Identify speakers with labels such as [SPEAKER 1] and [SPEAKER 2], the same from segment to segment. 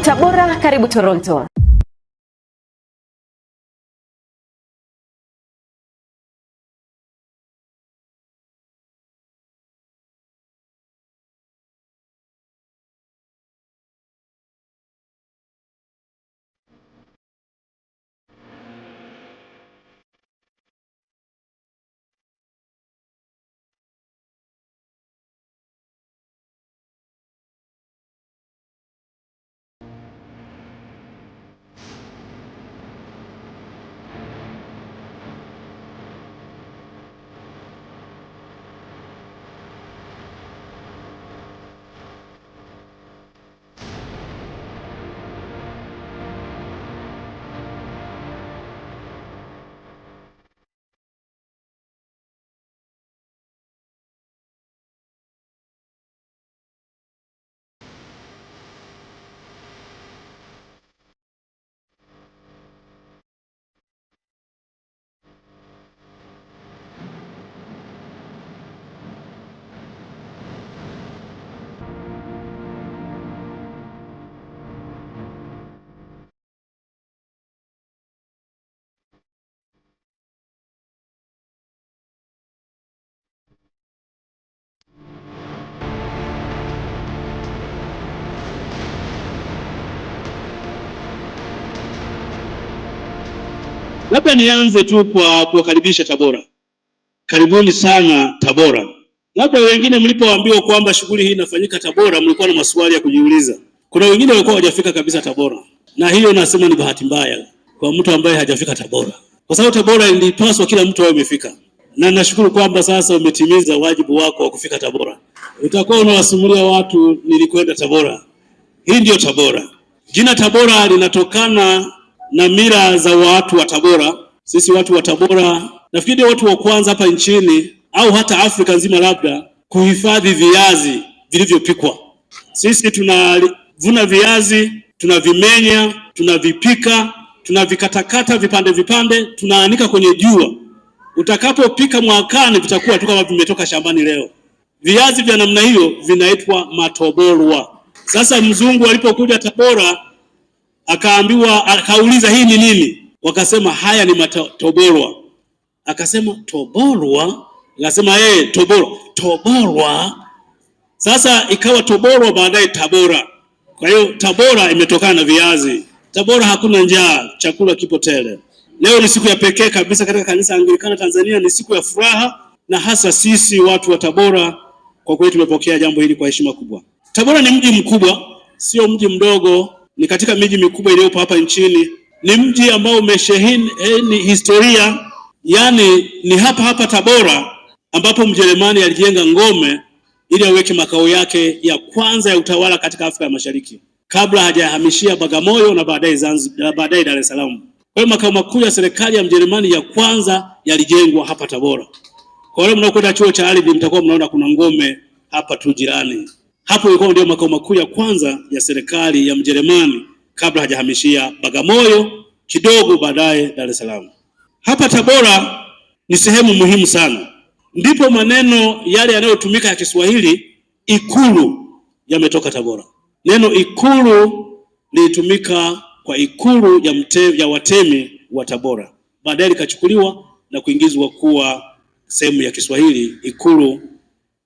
[SPEAKER 1] Tabora, karibu Toronto.
[SPEAKER 2] Labda nianze tu kwa kuwakaribisha Tabora. Karibuni sana Tabora. Labda wengine mlipoambiwa kwamba shughuli hii inafanyika Tabora, mlikuwa na maswali ya kujiuliza. Kuna wengine walikuwa hawajafika kabisa Tabora, na hiyo nasema ni bahati mbaya kwa mtu ambaye hajafika Tabora, kwa sababu Tabora ilipaswa kila mtu awe amefika, na nashukuru kwamba sasa umetimiza wajibu wako wa kufika Tabora. Utakuwa unawasimulia watu nilikwenda Tabora. Hii ndiyo Tabora. Jina Tabora linatokana na mila za watu wa Tabora. Sisi watu wa Tabora nafikiri ndio watu wa kwanza hapa nchini au hata Afrika nzima labda kuhifadhi viazi vilivyopikwa. Sisi tunavuna viazi, tunavimenya, tunavipika, tunavikatakata vipande vipande, tunaanika kwenye jua. Utakapopika mwakani vitakuwa tu kama vimetoka shambani leo. Viazi vya namna hiyo vinaitwa matoborwa. Sasa mzungu alipokuja Tabora Akaambiwa, akauliza hii ni nini? Wakasema haya ni matoborwa. Akasema toborwa, akasema yeye eh, toborwa, toborwa. Sasa ikawa toborwa, baadaye Tabora. Kwa hiyo Tabora imetokana na viazi. Tabora hakuna njaa, chakula kipo tele. Leo ni siku ya pekee kabisa katika kanisa Anglikana Tanzania, ni siku ya furaha, na hasa sisi watu wa Tabora kwa kweli tumepokea jambo hili kwa heshima kubwa. Tabora ni mji mkubwa, sio mji mdogo ni katika miji mikubwa iliyopo hapa nchini. Ni mji ambao umesheheni eh, historia, yani, ni hapa hapa Tabora ambapo Mjerumani alijenga ngome ili aweke makao yake ya kwanza ya utawala katika Afrika ya Mashariki kabla hajahamishia Bagamoyo na baadaye Zanzibar, baadaye Dar es Salaam. Kwa hiyo makao makuu ya serikali ya Mjerumani ya kwanza yalijengwa hapa Tabora. Kwa hiyo mnaokwenda chuo cha ardhi mtakuwa mnaona kuna ngome hapa tu jirani. Hapo ilikuwa ndio makao makuu ya kwanza ya serikali ya Mjerumani kabla hajahamishia Bagamoyo, kidogo baadaye Dar es Salaam. Hapa Tabora ni sehemu muhimu sana, ndipo maneno yale yanayotumika ya Kiswahili ikulu yametoka Tabora. Neno ikulu lilitumika kwa ikulu ya, mte, ya watemi wa Tabora, baadaye likachukuliwa na kuingizwa kuwa sehemu ya Kiswahili, ikulu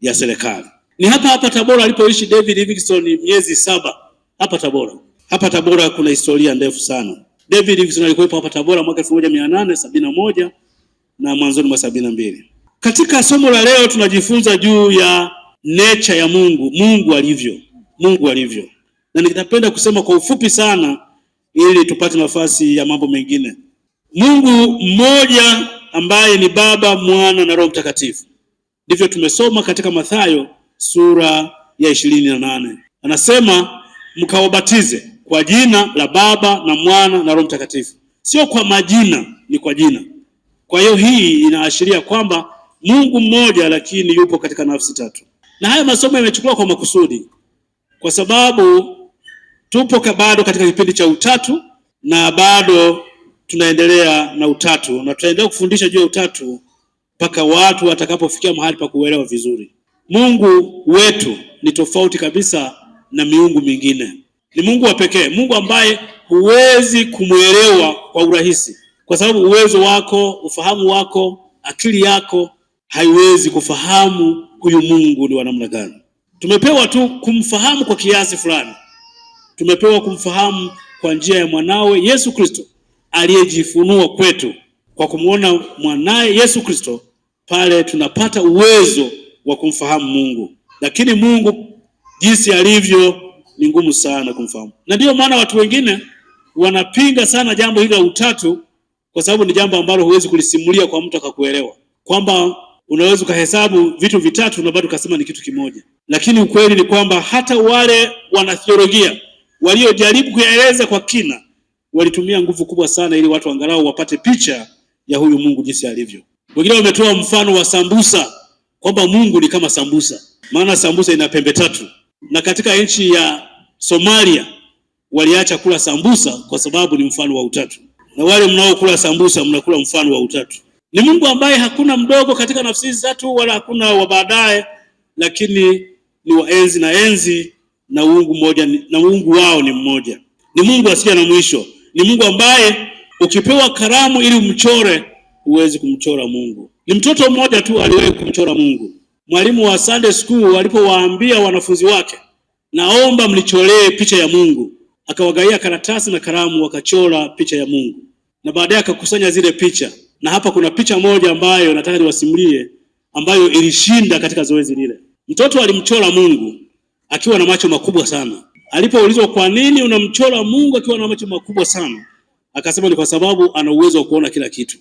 [SPEAKER 2] ya serikali. Ni hapa hapa Tabora alipoishi David Livingstone miezi saba hapa Tabora. Hapa Tabora kuna historia ndefu sana. David Livingstone alikuwepo hapa Tabora mwaka 1871 na mwanzoni mwa 72. Katika somo la leo tunajifunza juu ya nature ya Mungu, Mungu alivyo, Mungu alivyo. Na ningependa kusema kwa ufupi sana ili tupate nafasi ya mambo mengine. Mungu mmoja ambaye ni Baba, Mwana na Roho Mtakatifu. Ndivyo tumesoma katika Mathayo sura ya ishirini na nane anasema mkawabatize kwa jina la Baba na Mwana na Roho Mtakatifu. Sio kwa majina, ni kwa jina. Kwa hiyo hii inaashiria kwamba Mungu mmoja, lakini yupo katika nafsi tatu, na haya masomo yamechukuliwa kwa makusudi, kwa sababu tupo bado katika kipindi cha utatu na bado tunaendelea na utatu na tutaendelea kufundisha juu ya utatu mpaka watu watakapofikia mahali pa kuelewa vizuri. Mungu wetu ni tofauti kabisa na miungu mingine. Ni Mungu wa pekee, Mungu ambaye huwezi kumwelewa kwa urahisi, kwa sababu uwezo wako, ufahamu wako, akili yako haiwezi kufahamu huyu Mungu ni wa namna gani. Tumepewa tu kumfahamu kwa kiasi fulani, tumepewa kumfahamu kwa njia ya mwanawe Yesu Kristo aliyejifunua kwetu. Kwa kumwona mwanaye Yesu Kristo, pale tunapata uwezo wa kumfahamu Mungu, lakini Mungu jinsi alivyo ni ngumu sana kumfahamu, na ndiyo maana watu wengine wanapinga sana jambo hili la utatu, kwa sababu ni jambo ambalo huwezi kulisimulia kwa mtu akakuelewa, kwamba unaweza ukahesabu vitu vitatu na bado ukasema ni kitu kimoja. Lakini ukweli ni kwamba hata wale wanathiolojia waliojaribu kuyaeleza kwa kina walitumia nguvu kubwa sana, ili watu angalau wapate picha ya huyu Mungu jinsi alivyo. Wengine wametoa mfano wa sambusa kwamba Mungu ni kama sambusa, maana sambusa ina pembe tatu, na katika nchi ya Somalia waliacha kula sambusa kwa sababu ni mfano wa utatu, na wale mnaokula sambusa mnakula mfano wa utatu. Ni Mungu ambaye hakuna mdogo katika nafsi hizi tatu, wala hakuna wa baadaye, lakini ni wa enzi na enzi, na Mungu mmoja, na Mungu wao ni mmoja. Ni Mungu asiye na mwisho, ni Mungu ambaye ukipewa karamu ili umchore huwezi kumchora Mungu. Ni mtoto mmoja tu aliwahi kumchora Mungu, mwalimu wa Sunday school alipowaambia wanafunzi wake, naomba mlicholee picha ya Mungu, akawagaia karatasi na kalamu, wakachora picha ya Mungu na baadaye akakusanya zile picha, na hapa kuna picha moja ambayo nataka niwasimulie, ambayo ilishinda katika zoezi lile. Mtoto alimchora Mungu akiwa na macho makubwa sana. Alipoulizwa, kwa nini unamchora Mungu akiwa na macho makubwa sana? Akasema ni kwa sababu ana uwezo wa kuona kila kitu.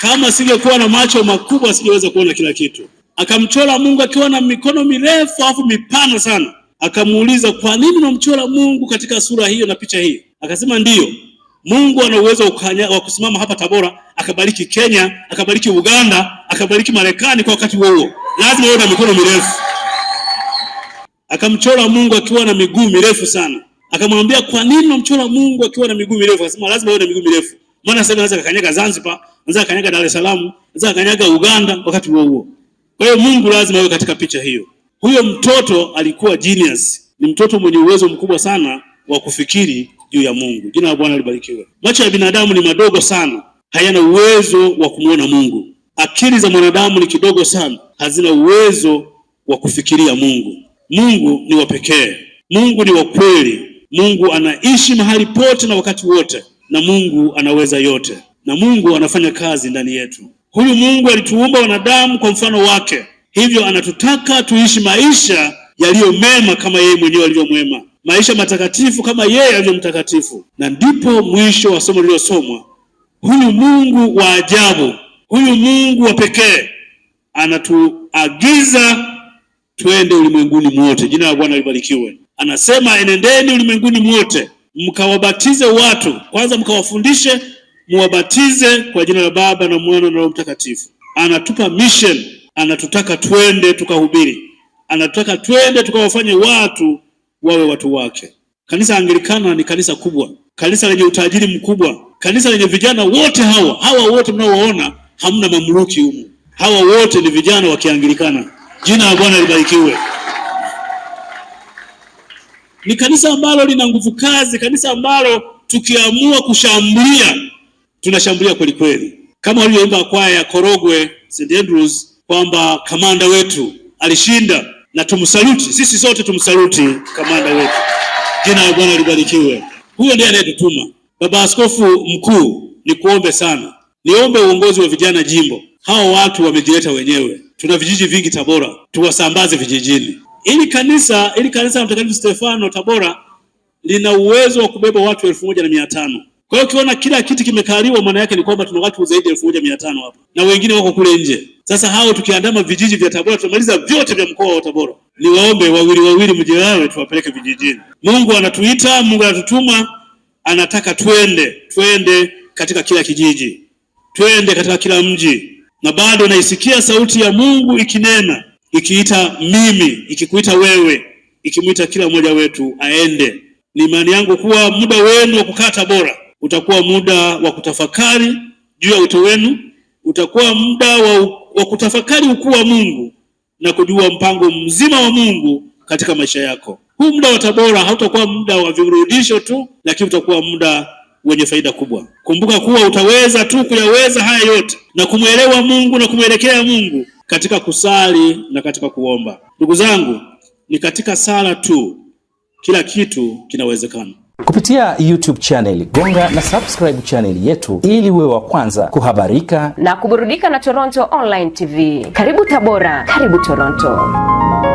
[SPEAKER 2] Kama singekuwa na macho makubwa singeweza kuona kila kitu. Akamchora Mungu akiwa na mikono mirefu afu mipana sana. Akamuuliza, kwa nini unamchora Mungu katika sura hiyo na picha hii? Akasema ndiyo, Mungu ana uwezo wa kusimama hapa Tabora akabariki Kenya akabariki Uganda akabariki Marekani kwa wakati huo, lazima uwe na mikono mirefu. Akamchora Mungu akiwa na miguu mirefu sana. Akamwambia, kwa nini unamchora Mungu akiwa na miguu mirefu? Akasema lazima uwe na miguu mirefu. Maana sasa anaweza kakanyaga Zanzibar, anaweza kakanyaga Dar es Salaam, anaweza kakanyaga Uganda wakati huo huo. Kwa hiyo Mungu lazima awe katika picha hiyo. Huyo mtoto alikuwa genius, ni mtoto mwenye uwezo mkubwa sana wa kufikiri juu ya Mungu. Jina la Bwana libarikiwe. Macho ya binadamu ni madogo sana, hayana uwezo wa kumwona Mungu. Akili za mwanadamu ni kidogo sana, hazina uwezo wa kufikiria Mungu. Mungu ni wa pekee, Mungu ni wa kweli, Mungu anaishi mahali pote na wakati wote na Mungu anaweza yote, na Mungu anafanya kazi ndani yetu. Huyu Mungu alituumba wanadamu kwa mfano wake, hivyo anatutaka tuishi maisha yaliyo mema kama yeye mwenyewe alivyo mwema, maisha matakatifu kama yeye alivyo mtakatifu. Na ndipo mwisho wa somo lililosomwa, huyu Mungu wa ajabu, huyu Mungu wa pekee anatuagiza twende ulimwenguni mwote. Jina la Bwana libarikiwe. Anasema enendeni ulimwenguni mwote mkawabatize watu kwanza, mkawafundishe muwabatize kwa jina la Baba na Mwana na Roho Mtakatifu. Anatupa mission, anatutaka twende tukahubiri, anatutaka twende tukawafanye watu wawe watu wake. Kanisa Anglikana ni kanisa kubwa, kanisa lenye utajiri mkubwa, kanisa lenye vijana wote hawa hawa wote mnaowaona, hamna mamluki humu, hawa wote ni vijana wa Kianglikana. Jina la Bwana libarikiwe ni kanisa ambalo lina nguvu kazi, kanisa ambalo tukiamua kushambulia tunashambulia kweli kweli, kama walivyoimba kwaya ya Korogwe St Andrews kwamba kamanda wetu alishinda, na tumsaluti sisi sote, tumsaluti kamanda wetu. Jina la Bwana libarikiwe. Huyo ndiye anayetutuma. Baba Askofu Mkuu, nikuombe sana, niombe uongozi wa vijana jimbo. Hao watu wamejileta wenyewe. Tuna vijiji vingi Tabora, tuwasambaze vijijini. Ili kanisa ili kanisa la Mtakatifu Stefano Tabora lina uwezo wa kubeba watu elfu moja na mia tano. Kwa hiyo ukiona kila kiti kimekaliwa, maana yake ni kwamba tuna watu zaidi ya elfu moja mia tano hapa na wengine wako kule nje. Sasa hao tukiandama vijiji vya Tabora tumaliza vyote vya mkoa wa Tabora. Niwaombe wawili wawili, mje mjigawe tuwapeleke vijijini. Mungu anatuita, Mungu anatutuma, anataka twende, twende katika kila kijiji, twende katika kila mji, na bado naisikia sauti ya Mungu ikinena ikiita mimi, ikikuita wewe, ikimwita kila mmoja wetu aende. Ni imani yangu kuwa muda wenu wa kukaa Tabora utakuwa muda wa kutafakari juu ya wito wenu, utakuwa muda wa, wa kutafakari ukuu wa Mungu na kujua mpango mzima wa Mungu katika maisha yako. Huu muda wa Tabora hautakuwa muda wa virudisho tu, lakini utakuwa muda wenye faida kubwa. Kumbuka kuwa utaweza tu kuyaweza haya yote na kumwelewa Mungu na kumwelekea Mungu katika kusali na katika kuomba. Ndugu zangu, ni katika sala tu kila kitu kinawezekana.
[SPEAKER 3] Kupitia YouTube channel, gonga na subscribe channel yetu ili uwe wa kwanza kuhabarika
[SPEAKER 4] na kuburudika na Toronto Online TV. Karibu Tabora, karibu Toronto.